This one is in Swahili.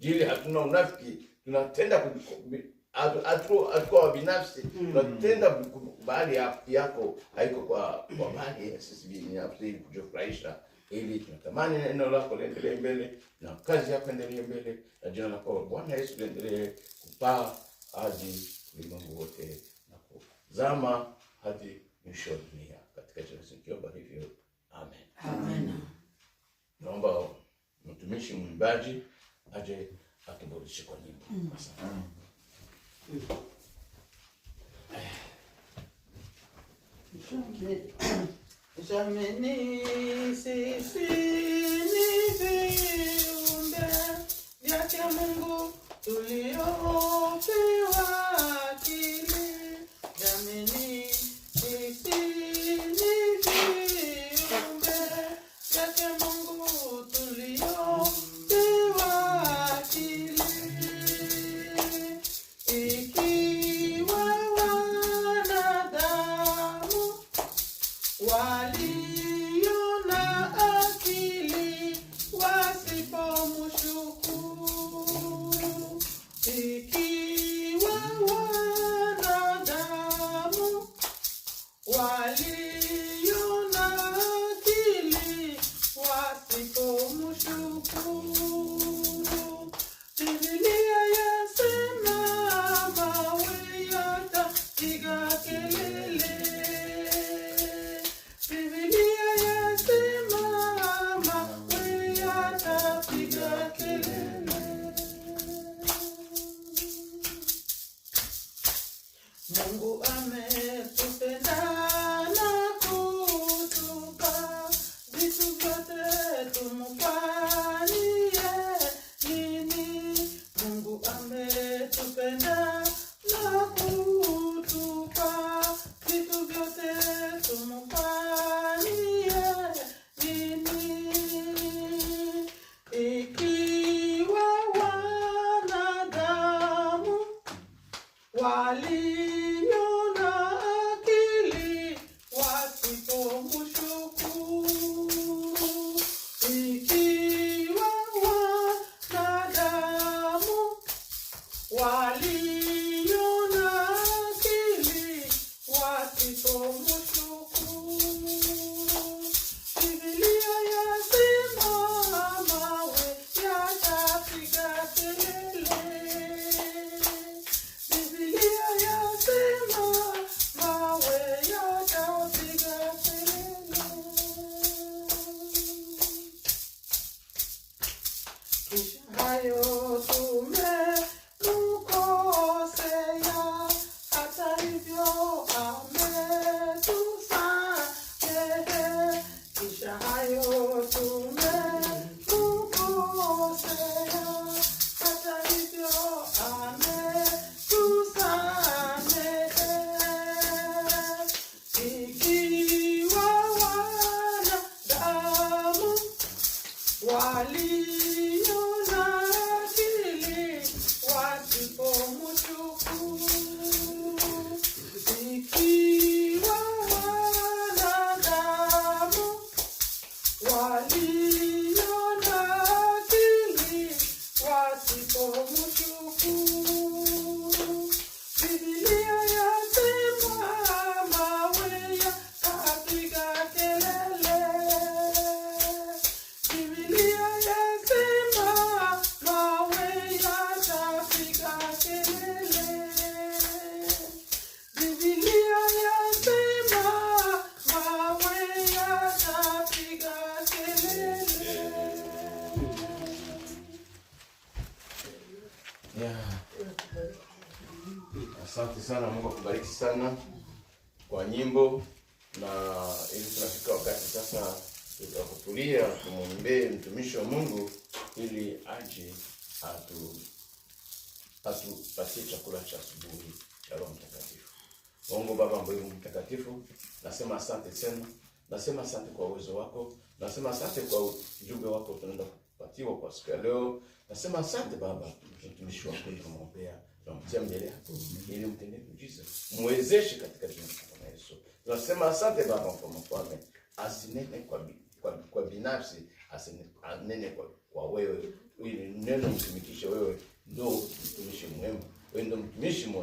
jili hatuna unafiki, tunatenda hatuko wabinafsi, mm. tunatenda kubali. yako haiko kwa kwa mali ya sisi binafsi, ili kujifurahisha, ili tunatamani neno lako liendelee mbele na kazi yako endelee mbele na jina lako Bwana Yesu liendelee kupaa hadi ulimwengu wote na kuzama hadi mwisho wa dunia, katika jina sikiomba hivyo, amen, amen. Naomba mtumishi mwimbaji aje atumbulishe kwa nyimbo mm. mm. Jameni, sisi ni viumbe vyake Mungu tulio iguale Lucky. Wali Yeah. Asante sana, Mungu akubariki sana kwa nyimbo, na ili tunafika wakati sasa kutulia, tumwombee mtumishi wa Mungu ili aje atu atupatie chakula cha asubuhi cha Roho Mtakatifu. Mungu Baba mbinguni mtakatifu, nasema asante sana, nasema asante kwa uwezo wako, nasema asante kwa ujumbe wako tunaenda patiwa kwa siku ya leo. Nasema asante Baba, mtumishi wako tunamwombea, tunamtia mbele yako ili mtendee miujiza, muwezeshe katika jina la Yesu. Tunasema asante Baba, mfalme asinene kwa kwa, kwa binafsi asinene kwa, kwa wewe ili neno mtumikishe wewe, ndo mtumishi mwema, wewe ndo mtumishi